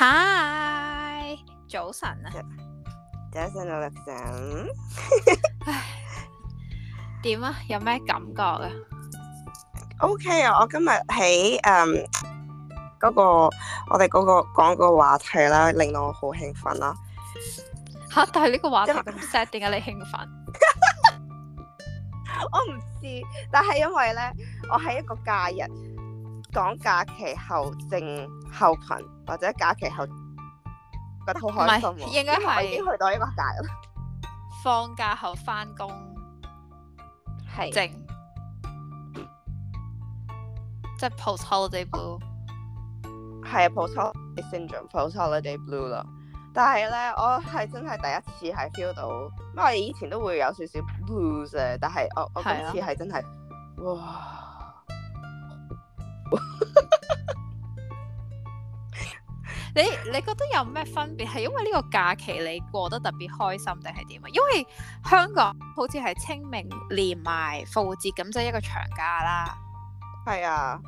hi，早晨啊，早晨啊，早晨，點啊？有咩感覺啊？OK 啊、嗯那個，我今日喺誒嗰個我哋嗰個講嗰個話題啦，令到我好興奮啦。吓，但係呢個話題咁 set，點解你興奮 我唔知，但係因為咧，我係一個假日。講假期後症候群或者假期後覺得好開心喎，啊，應該係已經去到呢個界啦。放假後返工係症，是靜即係、啊啊、post holiday blue，係 post holiday syndrome post holiday blue 咯。但係咧，我係真係第一次係 feel 到，因為我以前都會有少少 blues 嘅，但係我我今次係真係、啊、哇。 你你覺得有咩分別？係因為呢個假期你過得特別開心定係點啊？因為香港好似係清明連埋復活節咁，即係一個長假啦。係啊，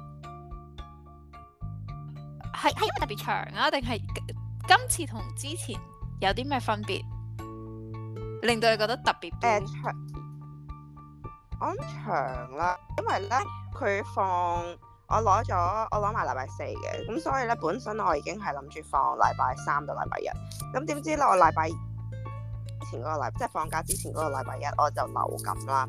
係係因為特別長啊？定係今次同之前有啲咩分別，令到你覺得特別誒長？我諗長啦，因為咧佢放。我攞咗，我攞埋禮拜四嘅，咁所以咧，本身我已經係諗住放禮拜三到禮拜日。咁點知咧，我禮拜前嗰個禮，即係放假之前嗰個禮拜一，我就流感啦，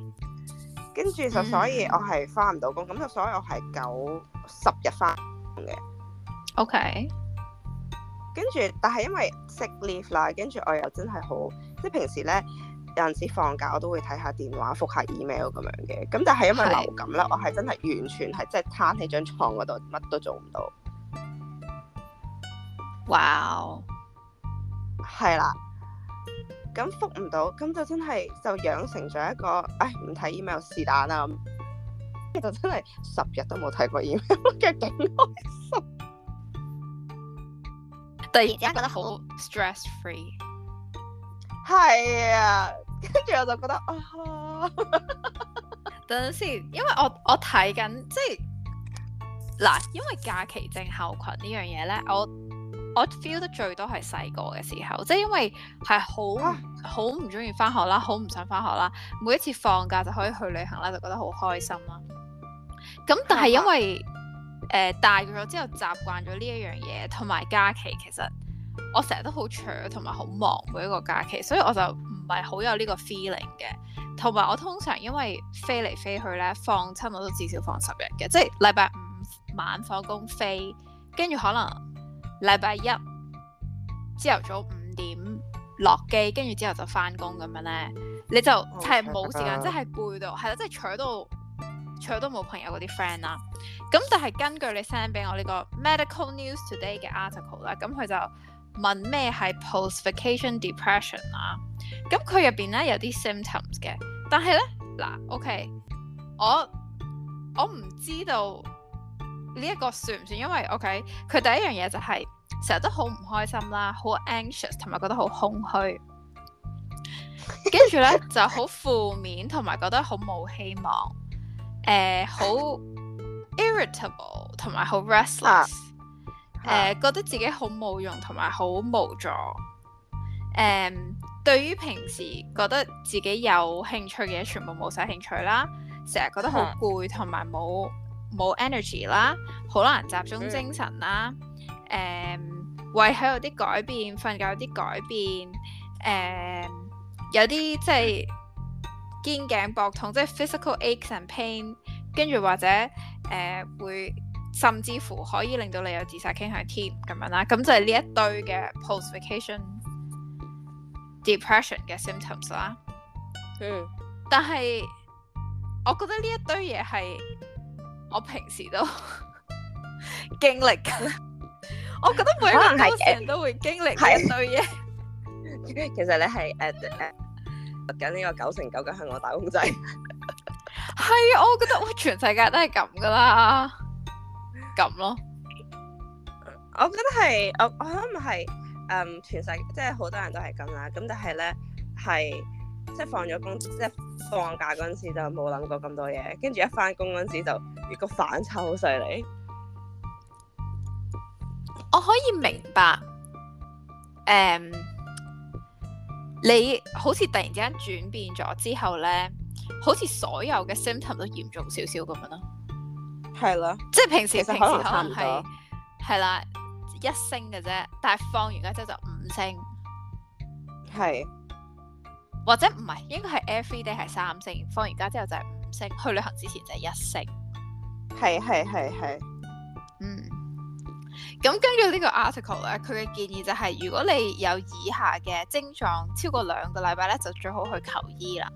跟住就所以我係翻唔到工。咁就、mm. 所以我係九十日翻工嘅。OK。跟住，但係因為 sick leave 啦，跟住我又真係好即係平時咧。有陣時放假我都會睇下電話、覆下 email 咁樣嘅，咁但係因為流感啦，是我係真係完全係即係攤喺張床嗰度，乜都做唔到。哇 Wow.！係啦，咁覆唔到，咁就真係就養成咗一個，唉、哎，唔睇 email 是但啊，就真係十日都冇睇過 email 嘅， 勁開心。突然之間覺得好 stress free。係啊。跟住我就覺得啊， 等陣先，因為我我睇緊即係嗱，因為假期症候群呢樣嘢咧，我我 feel 得最多係細個嘅時候，即係因為係好好唔中意返學啦，好唔想返學啦，每一次放假就可以去旅行啦，就覺得好開心啦。咁但係因為誒吧、呃、大咗之後習慣咗呢一樣嘢，同埋假期其實我成日都好搶同埋好忙，每一個假期，所以我就。係好有呢個 feeling 嘅，同埋我通常因為飛嚟飛去咧，放親我都至少放十日嘅，即係禮拜五晚放工飛，跟住可能禮拜一朝頭早五點落機，跟住之後就返工咁樣咧，你就係冇時間，即係攰到，係啦，即係除到，都除咗都冇朋友嗰啲 friend 啦。咁但係根據你 send 俾我呢個 Medical News Today 嘅 article 啦，咁佢就。問咩係 post vacation depression 啊？咁佢入邊咧有啲 symptoms 嘅，但係咧嗱，OK，我我唔知道呢一個算唔算？因為 OK，佢第一樣嘢就係成日都好唔開心啦，好 anxious 同埋覺得好空虛，跟住咧就好負面，同埋覺得好冇希望，誒好 irritable 同埋好 restless。誒、uh, 覺得自己好冇用同埋好無助，誒、um, 對於平時覺得自己有興趣嘅嘢全部冇晒興趣啦，成日覺得好攰同埋冇冇 energy 啦，好難集中精神啦，誒、mm hmm. um, 胃口有啲改變，瞓覺有啲改變，誒、um, 有啲即係肩頸膊痛，即、就、係、是、physical aches and pain，跟住或者誒、呃、會。甚至乎可以令到你有自殺傾向 team，添咁樣啦。咁就係呢一堆嘅 post vacation depression 嘅 symptoms 啦。嗯。但係我覺得呢一堆嘢係我平時都 經歷嘅。我覺得每一個人都，都會經歷呢一堆嘢。 其實你係誒誒讀緊呢個九成九嘅香港打工仔。係 啊， 我覺得哇，全世界都係咁噶啦。咁咯我我，我覺得係我，我諗係，全世界即係好多人都係咁啦。咁但係咧，係即係放咗工，即係放假嗰陣時就冇諗過咁多嘢，跟住一翻工嗰陣時就一個反差好犀利。我可以明白，誒、嗯，你好似突然之間轉變咗之後咧，好似所有嘅 symptom 都嚴重少少咁樣咯。係咯，即係平時平時可能係係不啦一星嘅啫，但係放完假之後就五星，係是或者唔係應該係 every day 係三星，放完假之後就係五星，去旅行之前就係一星，係係係係，嗯，咁根據呢個 article 咧，佢嘅建議就係、是、如果你有以下嘅症狀超過兩個禮拜咧，就最好去求醫啦。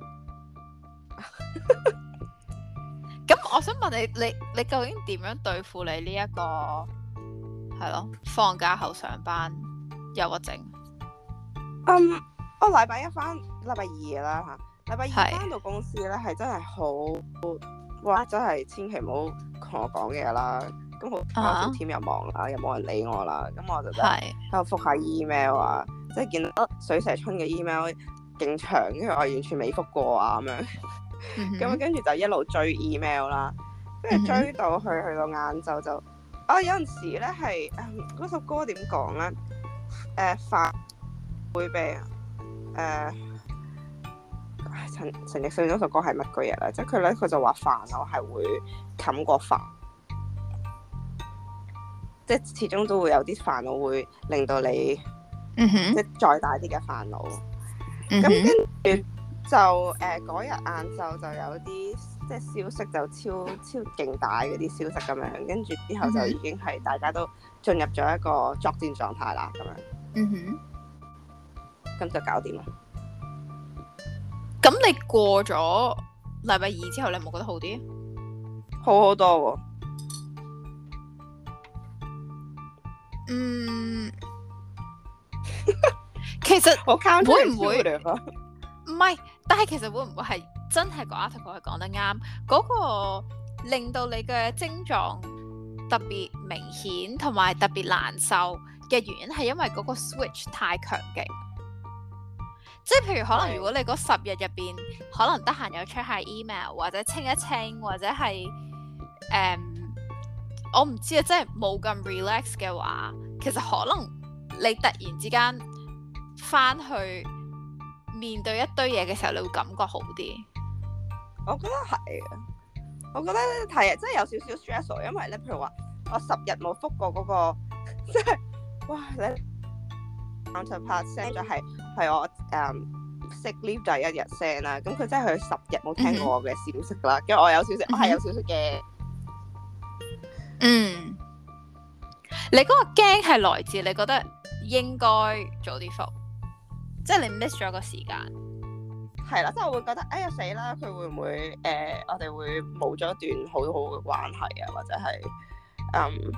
咁我想問你，你你究竟點樣對付你呢、這、一個係咯、嗯、放假後上班憂鬱症？嗯，我禮拜一翻，禮拜二啦吓，禮拜二翻到公司咧，係真係好哇，真係千祈唔好同我講嘢啦。咁我啱先添入忙啊，uh huh. 又冇人理我啦，咁我就真係喺度覆下 email 啊，即係見到水蛇春嘅 email 勁長，因為我完全未覆過啊咁樣。 咁啊，跟住、mm hmm. 就一路追 email 啦，跟住追到去去到晏晝就，mm hmm. 啊有陣時咧係，嗰、嗯、首歌點講咧？誒、呃、煩會俾誒、呃、陳，陳，陳陳奕迅嗰首歌係乜鬼嘢咧？即係佢咧佢就話煩惱係會冚過煩，即係始終都會有啲煩惱會令到你，mm hmm. 即係再大啲嘅煩惱。咁跟住。就誒嗰日晏晝就有啲即係消息就超超勁大嗰啲消息咁樣，跟住之後就已經係大家都進入咗一個作戰狀態啦咁樣。嗯哼。咁就搞掂啦。咁、嗯、你過咗禮拜二之後，你冇覺得好啲？好好多喎、啊。嗯。 其實我剛剛會唔會唔係？但係其實會唔會係真係個 article 係講得啱？嗰、那個令到你嘅症狀特別明顯同埋特別難受嘅原因係因為嗰個 switch 太強勁。即係譬如可能如果你嗰十日入邊可能得閒有 check 下 email 或者清一清或者係誒、嗯、我唔知啊，即係冇咁 relax 嘅話，其實可能你突然之間翻去，面對一堆嘢嘅時候，你會感覺好啲。我覺得係啊，我覺得係啊，真係有少少 stress 咯，因為咧，譬如話，我十日冇復過嗰、那個，即 係哇你啱就拍聲就係係我誒識 lift 第一日聲啦。咁佢真係佢十日冇聽過我嘅消息啦。跟住、嗯、我有少少，我係有少少嘅。嗯，你嗰個驚係來自你覺得應該早啲復。即係你 miss 咗個時間，係啦，即係我會覺得，哎呀死啦！佢會唔會誒、呃，我哋會冇咗一段好好嘅關係啊，或者係嗯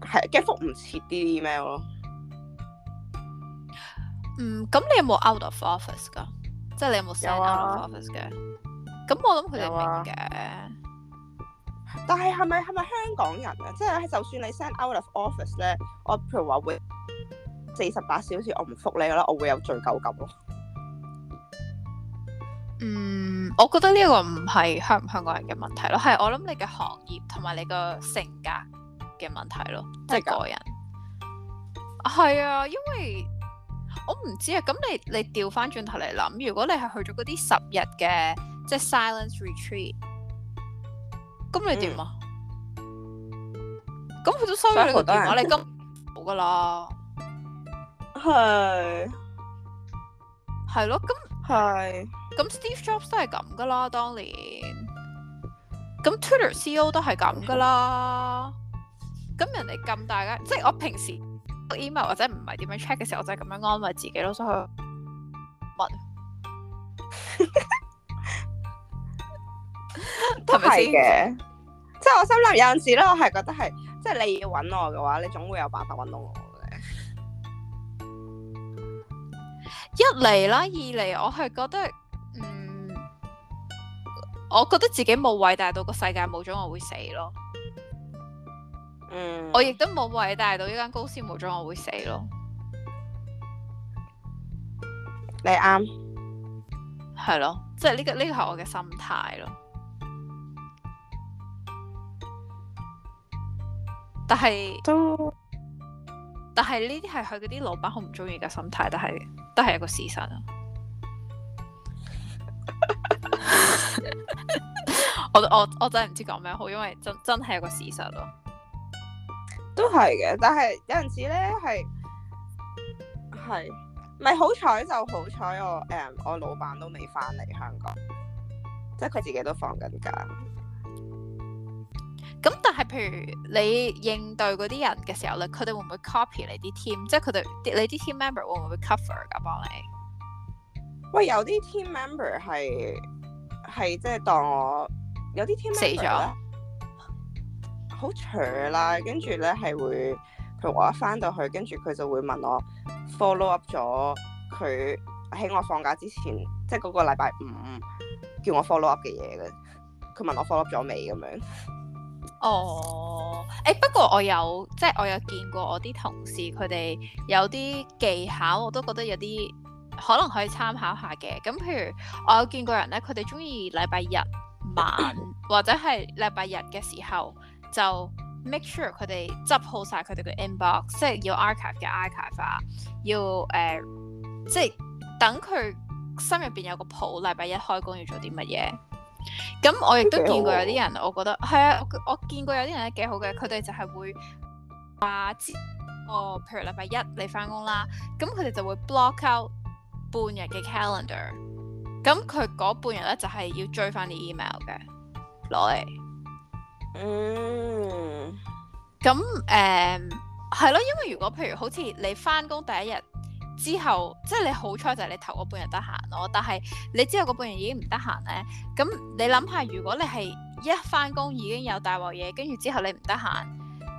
係驚覆唔切啲 email 咯。嗯，咁、啊嗯、你有冇 out of office 噶？即係你有冇 send、啊、out of office 嘅？咁、嗯、我諗佢哋明嘅。但係係咪係咪香港人啊？即、就、係、是、就算你 send out of office 咧，我譬如話會。四十八小時我唔復你啦，我，我會有罪疚感咯。嗯，我覺得呢個唔係香唔香港人嘅問題咯，係我諗你嘅行業同埋你個性格嘅問題咯，即係個人。係的啊，因為我唔知啊。咁你你調翻轉頭嚟諗，如果你係去咗嗰啲十日嘅即係 silence retreat，咁你點啊？咁佢、嗯、都收咗你個電話，你咁冇噶啦。 係，係咯，咁係，咁 Steve Jobs 都係咁噶啦，當年，咁 Twitter CEO 都係咁噶啦，咁人哋咁大家，即係我平時 email 或者唔係點樣 check 嘅時候，我就係咁樣安慰自己咯，所以乜都係嘅，即係我心諗有陣時咧，我係覺得係，即係你要搵我嘅話，你總會有辦法搵到我。一嚟啦，二嚟我係覺得，嗯，我覺得自己冇偉大到個世界冇咗我會死咯，嗯，我亦都冇偉大到呢間公司冇咗我會死咯，你啱對，係咯，即係呢個呢個係我嘅心態咯，但係但係呢啲係佢嗰啲老闆好唔中意嘅心態，但係。但都係一個事實啊！ 我我我真係唔知講咩好，因為真真係一個事實咯。都係嘅，但係有陣時咧係係咪好彩就好彩？我、嗯、誒，我老闆都未翻嚟香港，即係佢自己都放緊假。咁但係，譬如你應對嗰啲人嘅時候咧，佢哋會唔會 copy 你啲 team？即係佢哋你啲 team member 會唔會 cover 㗎幫你？喂，有啲 team member 係，係即係當我有啲 team member 死咗好扯啦，跟住咧係會，譬如我一返到去，跟住佢就會問我 follow up 咗佢喺我放假之前，即係嗰個禮拜五叫我 follow up 嘅嘢嘅，佢問我 follow up 咗未咁樣。哦，誒、oh, 欸、不過我有即係我有見過我啲同事佢哋有啲技巧，我都覺得有啲可能可以參考下嘅。咁譬如我有見過人咧，佢哋中意禮拜日晚 或者係禮拜日嘅時候就 make sure 佢哋執好晒佢哋嘅 inbox，即係要 archive 嘅 archive 化、啊，要誒、呃、即係等佢心入邊有個譜，禮拜一開工要做啲乜嘢。咁、嗯、我亦都見過有啲人，我覺得係啊，我我見過有啲人咧幾好嘅，佢哋就係會話，哦，譬如禮拜一你翻工，啦，咁佢哋就會 block out 半日嘅 calendar，咁佢嗰半日咧就係、是、要追翻啲 email 嘅，攞嚟。嗯，咁誒、係、呃、咯，因為如果譬如好似你翻工第一日。之後即係你好彩就係你頭嗰半日得閒咯，但係你之後嗰半日已經唔得閒呢。咁你諗下，如果你係一翻工已經有大鑊嘢，跟住之後你唔得閒，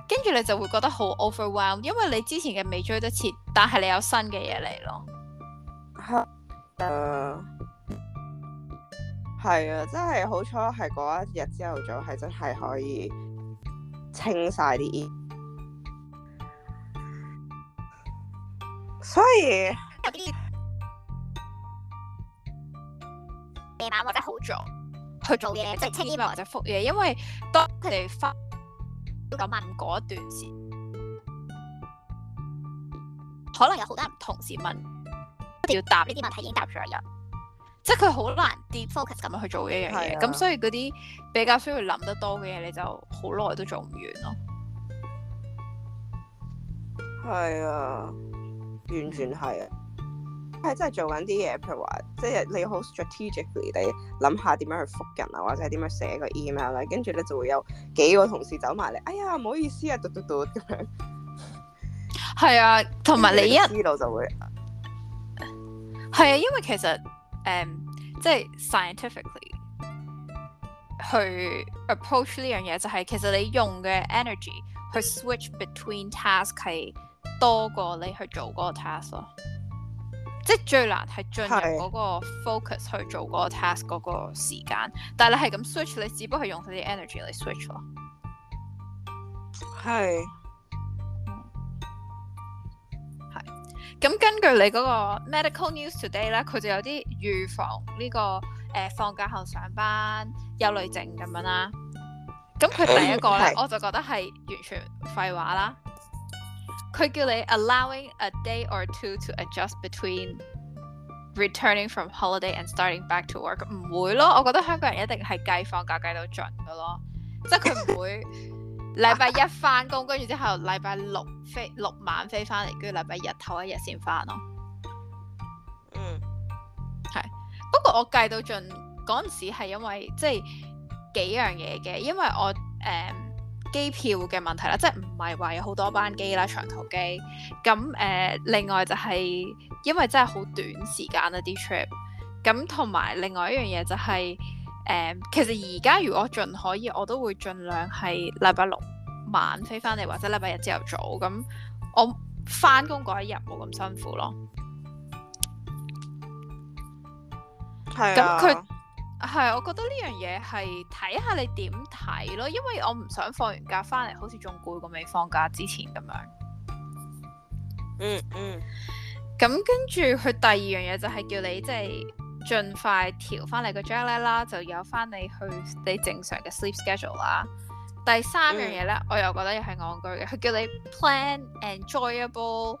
跟住你就會覺得好 overwhelm，因為你之前嘅未追得切，但係你有新嘅嘢嚟咯。嚇！誒，係啊，真係好彩，係嗰一日朝頭早係真係可以清晒啲。所以有啲夜晚或者好早去做嘢，即係清啲或者覆嘢，因為當佢哋返九萬五嗰一段時間，可能有好多人同時問，一定要答呢啲問題已經答咗人，即係佢好難點 focus 咁樣去做呢樣嘢，咁、啊、所以嗰啲比較需要諗得多嘅嘢，你就好耐都做唔完咯。係啊。完全係啊，係真係做緊啲嘢譬如話，即係你好 strategically，你諗下點樣去覆人啊，或者點樣寫個 email 咧，跟住咧就會有幾個同事走埋嚟，哎呀唔好意思啊，嘟嘟嘟咁樣。係啊，同埋你一知道就會係啊，因為其實誒即係 scientifically 去 approach 呢樣嘢就係，其實你用嘅 energy 去 switch between task 係。多過你去做嗰個 task 咯，即係最難係進入嗰個 focus 去做嗰個 task 嗰個時間，的但係你係咁 switch，你只不過係用佢啲 energy 嚟 switch 咯。係的，係。咁根據你嗰個 Medical News Today 咧，佢就有啲預防呢、呢個誒、呃、放假後上班憂慮症咁樣啦、啊。咁佢第一個咧， 的我就覺得係完全廢話啦。佢叫你 allowing a day or two to adjust between returning from holiday and starting back to work，唔會咯，我覺得香港人一定係計放假計到盡噶咯，即係佢唔會禮拜 一翻工，跟住之後禮拜六飛六晚飛翻嚟，跟住禮拜日頭一日先翻咯。嗯，係，不過我計到盡嗰陣時係因為即係、就是、幾樣嘢嘅，因為我誒。Um, 機票嘅問題啦，即係唔係話有好多班機啦，長途機咁誒、呃。另外就係、是、因為真係好短時間啊啲 trip，咁同埋另外一樣嘢就係、是、誒、呃，其實而家如果盡可以，我都會盡量係禮拜六晚飛翻嚟，或者禮拜日朝後早咁，我翻工嗰一日冇咁辛苦咯。咁佢的。係，我覺得呢樣嘢係睇下你點睇咯，因為我唔想放完假翻嚟，好似仲攰過未放假之前咁樣。嗯嗯。咁、嗯、跟住，佢第二樣嘢就係叫你即係盡快調翻你個 jelly 啦，就有翻你去你正常嘅 sleep schedule 啦。第三樣嘢咧，嗯、我又覺得又係戇居嘅，佢叫你 plan enjoyable。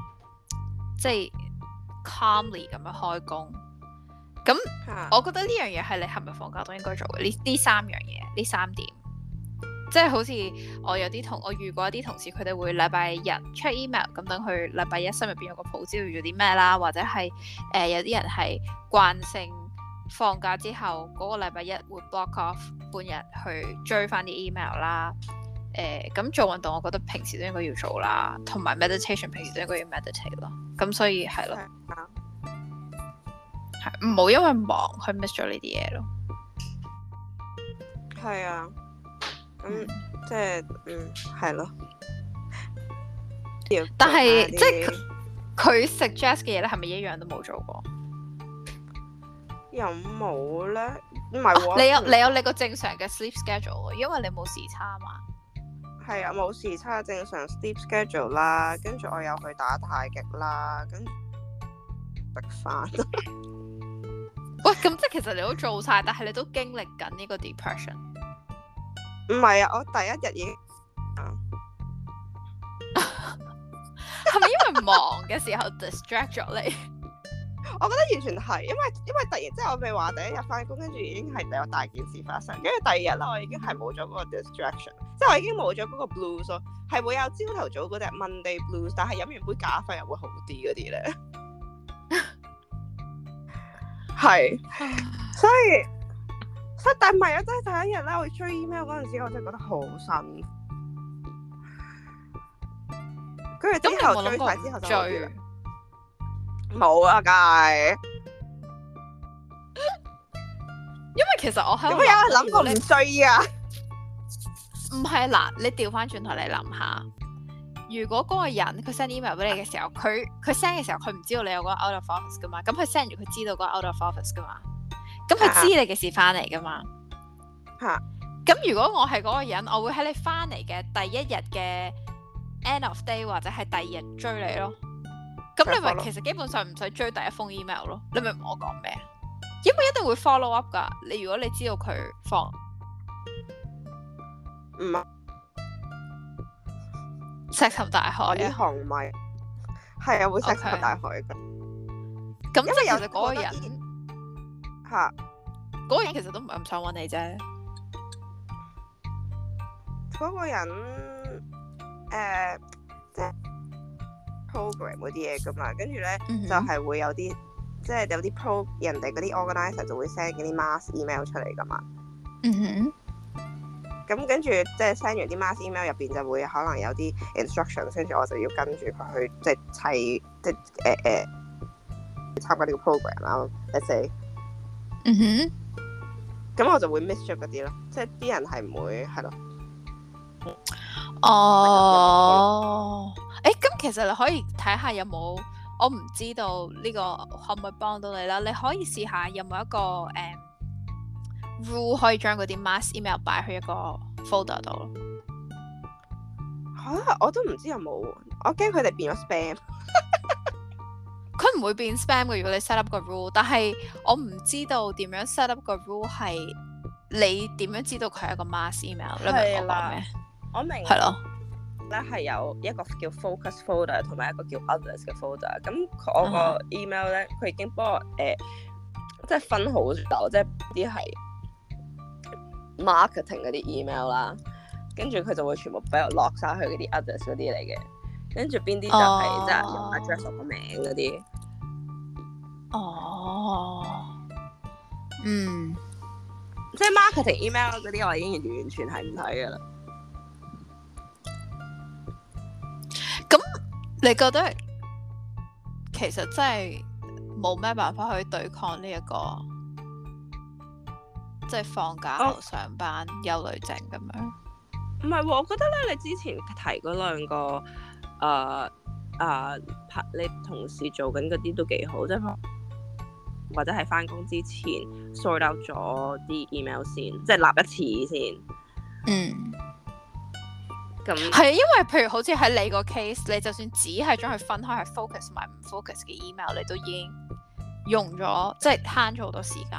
即係 calmly 咁樣開工，咁、嗯、我覺得呢樣嘢係你係咪放假都應該做嘅呢？呢三樣嘢，呢三點，即係好似我有啲同我遇過一啲同事，佢哋會禮拜日 check email，咁等佢禮拜一心入邊有個譜，知道要做啲咩啦，或者係誒、呃、有啲人係慣性放假之後嗰、嗰個禮拜一會 block off 半日去追翻啲 email 啦。誒咁、欸、做運動，我覺得平時都應該要做啦，同埋 meditation，平時都應該要 meditate 咯。咁所以係咯，唔好、啊、因為忙去 miss 咗呢啲嘢咯。係啊，咁、嗯、即係嗯係咯。但係即係佢 suggest 嘅嘢咧，係咪一樣都冇做過？有冇咧？唔係喎，你有你有你個正常嘅 sleep schedule，因為你冇時差啊嘛。係啊，冇時差正常，sleep schedule 啦，跟住我又去打太極啦，咁食飯。 喂，咁即係其實你都做晒， 但係你都經歷緊呢個 depression。唔係啊，我第一日已經，係 咪 因為忙嘅時候 distract 咗你？我覺得完全係，因為因為突然即係我咪話第一日返工，跟住已經係有大件事發生，跟住第二日咧，我已經係冇咗嗰個 distraction，即係我已經冇咗嗰個 blues 咯，係會有朝頭早嗰隻 Monday blues，但係飲完杯咖啡又會好啲嗰啲咧，係，所以，所以但係唔係啊，真係第一日咧，我追 email 嗰陣時，我真係覺得好辛苦。跟住、嗯、之後追晒之後就追。啦。 冇啊，梗係。因為其實我係，我有諗過你追啊？唔係嗱，你調翻轉頭嚟諗下，如果嗰個人佢 send email 俾你嘅時候，佢佢 send 嘅時候，佢唔知道你有嗰個 Out of Office 噶嘛？咁佢 send 完，佢知道嗰個 Out of Office 噶嘛？咁佢知你嘅事翻嚟噶嘛？吓、啊哈，咁如果我係嗰個人，我會喺你翻嚟嘅第一日嘅 end of day，或者係第二日追你咯。咁你咪其實基本上唔使追第一封 email 咯，嗯、你咪同我講咩？因為一定會 follow up 噶，你如果你知道佢放，唔係是，石沉大海呢行唔係，係啊會石沉大海噶。咁 Okay. 即係有實嗰個人，吓，嗰個人其實都唔係唔想搵你啫。嗰個人，誒、呃。program 嗰啲嘢噶嘛，跟住咧就係會有啲即係有啲 pro 人哋嗰啲 organizer 就會 send 嗰啲 mass email 出嚟噶嘛。嗯哼、mm。咁跟住即係 send 完啲 mass email 入邊就會可能有啲 instruction，跟住我就要跟住佢去即係砌即係誒誒參加呢個 program 啦。Let's say、mm。嗯哼。咁我就會 miss 咗嗰啲咯，即係啲人係唔會係咯。哦、uh。嗯誒，咁、欸、其實你可以睇下有冇，我唔知道呢個可唔可以幫到你啦。你可以試下有冇一個誒、嗯、rule 可以將嗰啲 mass email 擺去一個 folder 度咯。吓、啊，我都唔知有冇，我驚佢哋變咗 spam。佢 唔會變 spam 嘅，如果你 set up 個 rule，但係我唔知道點樣 set up 個 rule 係你點樣知道佢係一個 mass email 啦。你明了我講咩？我明。係咯。咧係有一個叫 Focus Folder 同埋一個叫 Others 嘅 Folder 那那。咁我個 email 咧，佢已經幫我誒、呃，即係分好咗，即係啲係 marketing 嗰啲 email 啦。跟住佢就會全部俾我落晒去嗰啲 Others 嗰啲嚟嘅。跟住邊啲就係、是 oh. 即係用 address 我個名嗰啲。哦。嗯。即係 marketing email 嗰啲，我已經完全係唔睇噶啦。你覺得其實真係冇咩辦法去對抗呢、這、一個即係、就是、放假上班憂慮症咁樣？唔係、哦，我覺得咧，你之前提嗰兩個誒誒、呃呃，你同事做緊嗰啲都幾好，即、就、係、是、或者係翻工之前梳理咗啲 email 先，即係立一次先。嗯。係這，因為譬如好似喺你個 case，你就算只係將佢分開，係 focus 埋唔 focus 嘅 email，你都已經用咗，即係慳咗好多時間。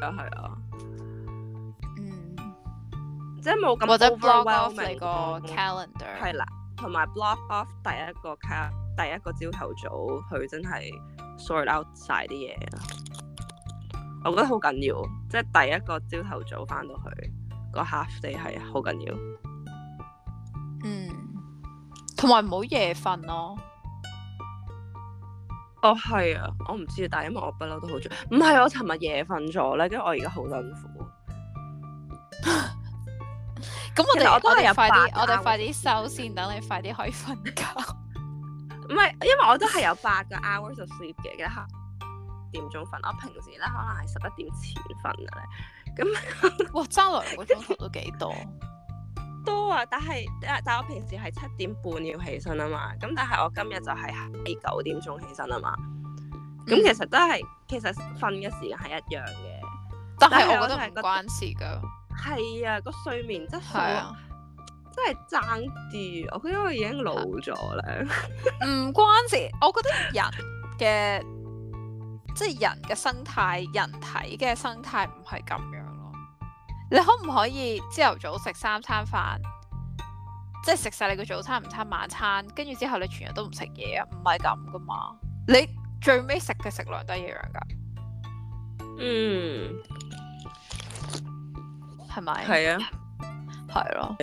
啊係啊，嗯，即係冇咁。或者 block off 你個 calendar。係啦、嗯，同埋 block off 第一個 c 第一個朝頭早，佢真係 sort out 晒啲嘢。我覺得好緊要，即係第一個朝頭早返到去。個 half day 係好緊要，嗯，同埋唔好夜瞓咯。哦，係啊，我唔知啊，但係因為我不嬲都好中意，唔係我尋日夜瞓咗咧，跟住我而家好辛苦。咁 我哋們我哋你快啲，我哋快啲收先，等你快啲可以瞓覺。唔 係， 因為我都係有八個 hours of sleep 嘅，幾多點鐘瞓？我平時咧可能係十一點前瞓嘅咧。咁哇，揸來兩個鐘都幾多？多啊，但係但係我平時係七點半要起身啊嘛，咁但係我今日就係喺九點鐘起身啊嘛。咁、嗯、其實都係，其實瞓嘅時間係一樣嘅，但係我覺得係唔關事㗎。係 啊，個睡眠質素、啊、真係爭啲。我覺得我已經老咗啦。唔 關事，我覺得人嘅 即係人嘅生態、人體嘅生態唔係咁。你可唔可以朝頭早食三餐飯，即係食晒你個早餐、午餐、晚餐，跟住之後你全日都唔食嘢啊？唔係咁噶嘛，你最尾食嘅食量都係一樣噶。嗯，係咪？係啊，係咯。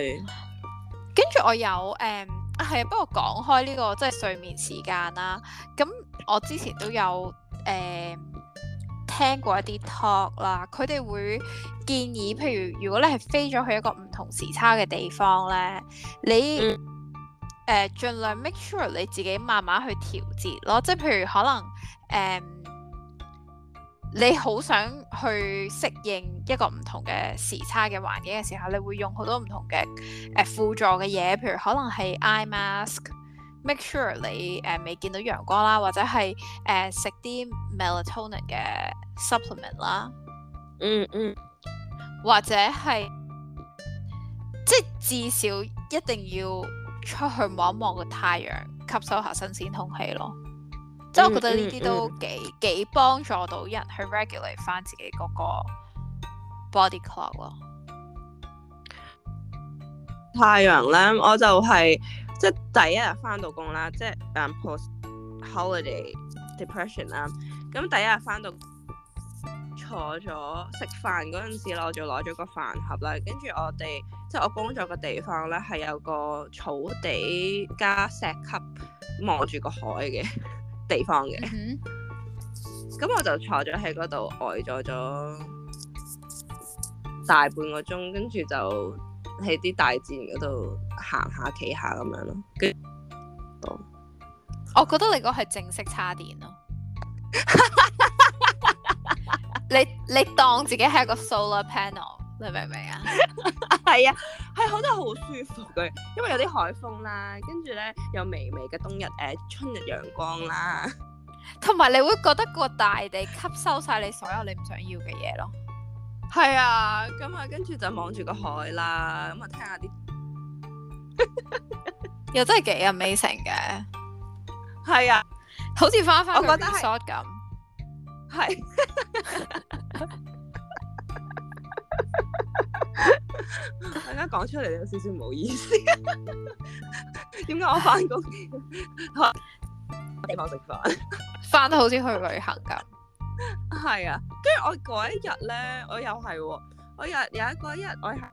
跟住我有誒，係啊。不過講開呢個即係睡眠時間啦，咁我之前都有誒。嗯聽過一啲 talk 啦，佢哋會建議，譬如如果你係飛咗去一個唔同時差嘅地方咧，你誒、嗯呃、盡量 make sure 你自己慢慢去調節咯。即係譬如可能誒、呃，你好想去適應一個唔同嘅時差嘅環境嘅時候，你會用好多唔同嘅誒、呃、輔助嘅嘢，譬如可能係 eye mask。Make sure 你誒未見到陽光啦，或者係誒食啲 melatonin 嘅 supplement 啦，嗯嗯，或者係即係至少一定要出去望一望個太陽，吸收下新鮮空氣咯。即係我覺得呢啲都幾幾幫助到人去 regulate 翻自己嗰個 body clock 咯。太陽咧，我就係。即係第一日返到工啦，即係、um, post holiday depression 啦。咁、嗯、第一日返到坐咗食飯嗰陣時咧，我就攞咗個飯盒啦。跟住我哋即係我工作嘅地方咧，係有個草地加石級望住個海嘅地方嘅。咁、嗯哼 嗯、我就坐咗喺嗰度呆咗咗大半個鐘，跟住就。喺啲大自然嗰度行下企下咁樣咯，跟，哦，我覺得你個係正式叉電咯， 你你當自己係一個 solar panel，你明唔明 啊？係啊，係覺得好舒服嘅，因為有啲海風啦，跟住咧有微微嘅冬日誒、呃、春日陽光啦，同埋你會覺得個大地吸收晒你所有你唔想要嘅嘢咯。係啊，咁啊，跟住就望住個海啦，咁啊，聽下啲又真係幾 amazing 嘅，係啊， 好似花花嗰啲 shot 咁，係，我而家講出嚟有少少唔好意思，點 解我翻工食飯食飯翻得好似去旅行咁？係啊，跟住我嗰一日咧，我又係喎，我日有一個日，我係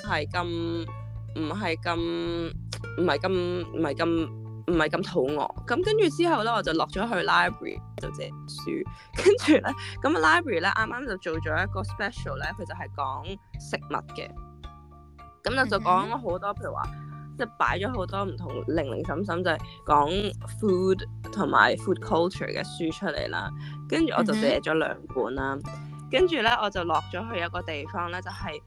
係咁，唔係咁，唔係咁，唔係咁，唔係咁肚餓。咁跟住之後咧，我就落咗去 library 就借書。跟住咧，咁 library 咧啱啱就做咗一個 special 咧，佢就係講食物嘅。咁就就講咗好多， 譬如話。即係擺咗好多唔同零零散散，就係、是、講 food 同埋 food culture 嘅書出嚟啦。跟住我就寫咗兩本啦。跟住咧，我就落咗去一個地方咧、就是，就係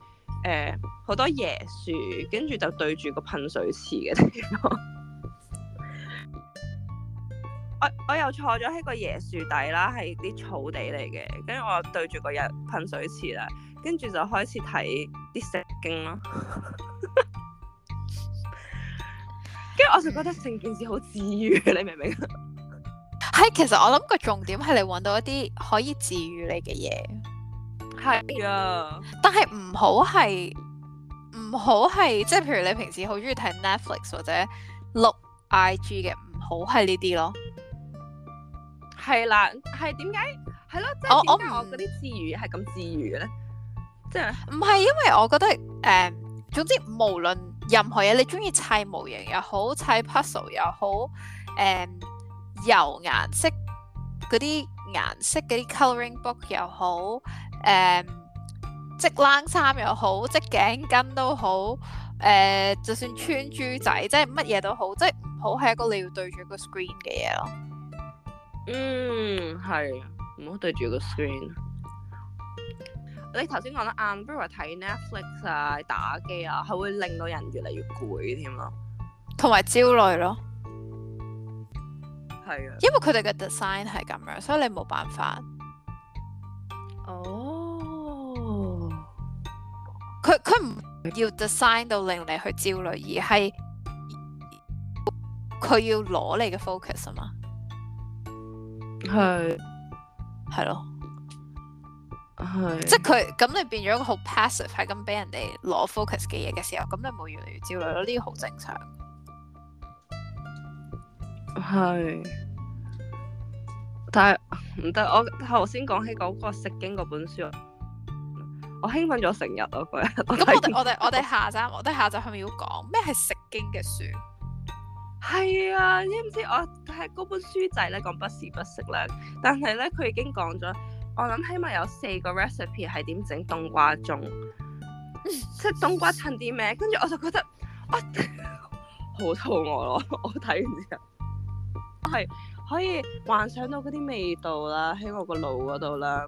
誒好多椰樹，跟住就對住 個噴水池嘅地方。我我又坐咗喺個椰樹底啦，係啲草地嚟嘅。跟住我對住個入噴水池啦，跟住就開始睇啲食經咯。 我就覺得成件事好治愈，你明唔明？係， 其實我諗個重點係你揾到一啲可以治愈你嘅嘢。係啊的，但係唔好係，唔好係，即係譬如你平時好中意睇 Netflix 或者碌 IG 嘅，唔好係呢啲咯。係啦，係點解係咯？即係點解我嗰啲治愈係咁治癒咧？即係唔係因為我覺得誒、呃，總之無論。任何嘢你中意砌模型又好，砌 puzzle 又好，誒、呃，油顏色嗰啲顏色嗰啲 colouring book 又好，誒、呃，織冷衫又好，織頸巾都好，誒、呃，就算穿珠仔，即係乜嘢都好，即係唔好係一個你要對住個 screen 嘅嘢咯。嗯，係，唔好對住個 screen。你頭先講得啱，不如話睇 Netflix 啊、打機啊，係會令到人越嚟越攰添咯，同埋焦慮咯，係啊， 因為佢哋嘅 design 係咁樣，所以你冇辦法。哦、oh.，佢佢唔要 design 到令你去焦慮，而係佢要攞你嘅 focus 啊嘛，係係咯。是即係佢咁，你變咗一個好 passive，係咁俾人哋攞 focus 嘅嘢嘅時候，咁你冇越嚟越焦慮咯，呢個好正常。係，但係唔得，我頭先講起講、那、過、個《食經》嗰本書啊，我興奮咗成日咯，咁 是我哋我哋我哋下集 我哋下集係咪要講咩係《食經》嘅書？係啊，你知唔知我睇嗰本書仔咧講不時不食咧，但係咧佢已經講咗。我諗起碼有四個 recipe 係點整冬瓜盅，即 係冬瓜襯啲咩？跟住 我就覺得啊， 好肚餓咯，我睇完之後，係 可以幻想到嗰啲味道啦，喺我、嗯、著著個腦嗰度啦。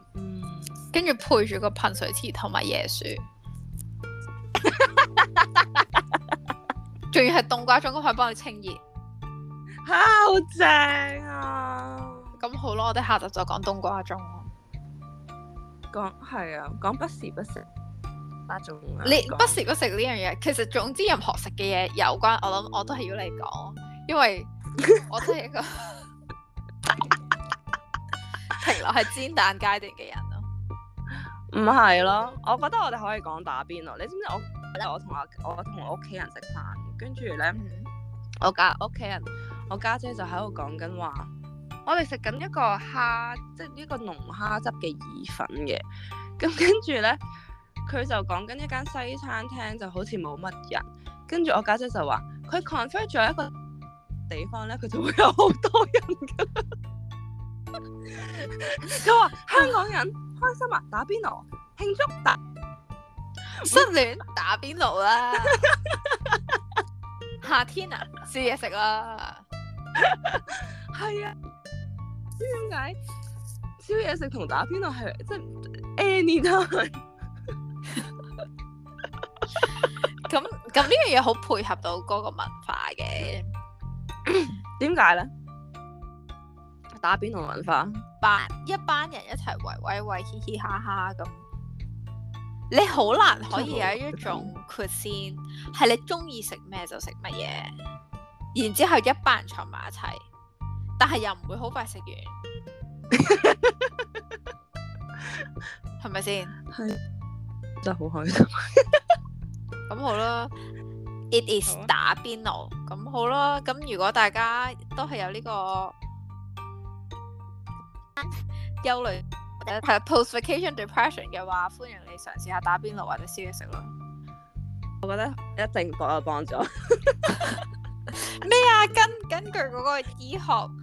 跟住配住個噴水池同埋椰樹，仲要係冬瓜盅都可以幫佢清熱、啊，好正啊！咁好咯，我哋下集就講冬瓜盅。講係啊，講不時不食八種啊！你不時不食呢樣嘢，其實總之任何食嘅嘢有關，我諗我都係要你講，因為我真係一個 停留喺煎蛋階段嘅人咯。唔係咯，我覺得我哋可以講打邊爐。你知唔知我？我同阿我同我屋企人食飯，跟住咧，我家屋企人我家，人我家，家人我姐，姐就喺度講緊話。我哋食緊一個蝦，即係一個濃蝦汁嘅意粉嘅。咁跟住呢，佢就講緊一間西餐廳，就好似冇乜人。跟住我家姐,姐就話：佢 convert 咗一個地方呢，佢就會有好多人㗎。佢 話：香港人開心啊，打邊爐慶祝打失戀打邊爐啦！ 夏天啊，試嘢食啦！係啊！ 知點解燒嘢食同打邊爐係即係 anytime 咁，咁呢樣嘢好配合到嗰個文化嘅，點解咧？ 呢打邊爐文化，班一班人一齊圍喂喂，嘻嘻哈哈咁，你好難可以有一種豁線，係 你中意食咩就食乜嘢，然之後一班人坐埋一齊。但係又唔會好快食完，係咪先？係真係好開心。咁好啦，It is 好打邊爐，咁好啦。咁如果大家都係有呢個憂慮，係 post vacation depression 嘅話，歡迎你嘗試下打邊爐或者燒嘢食咯。我覺得一定頗有幫助。咩啊？根根據嗰個醫學。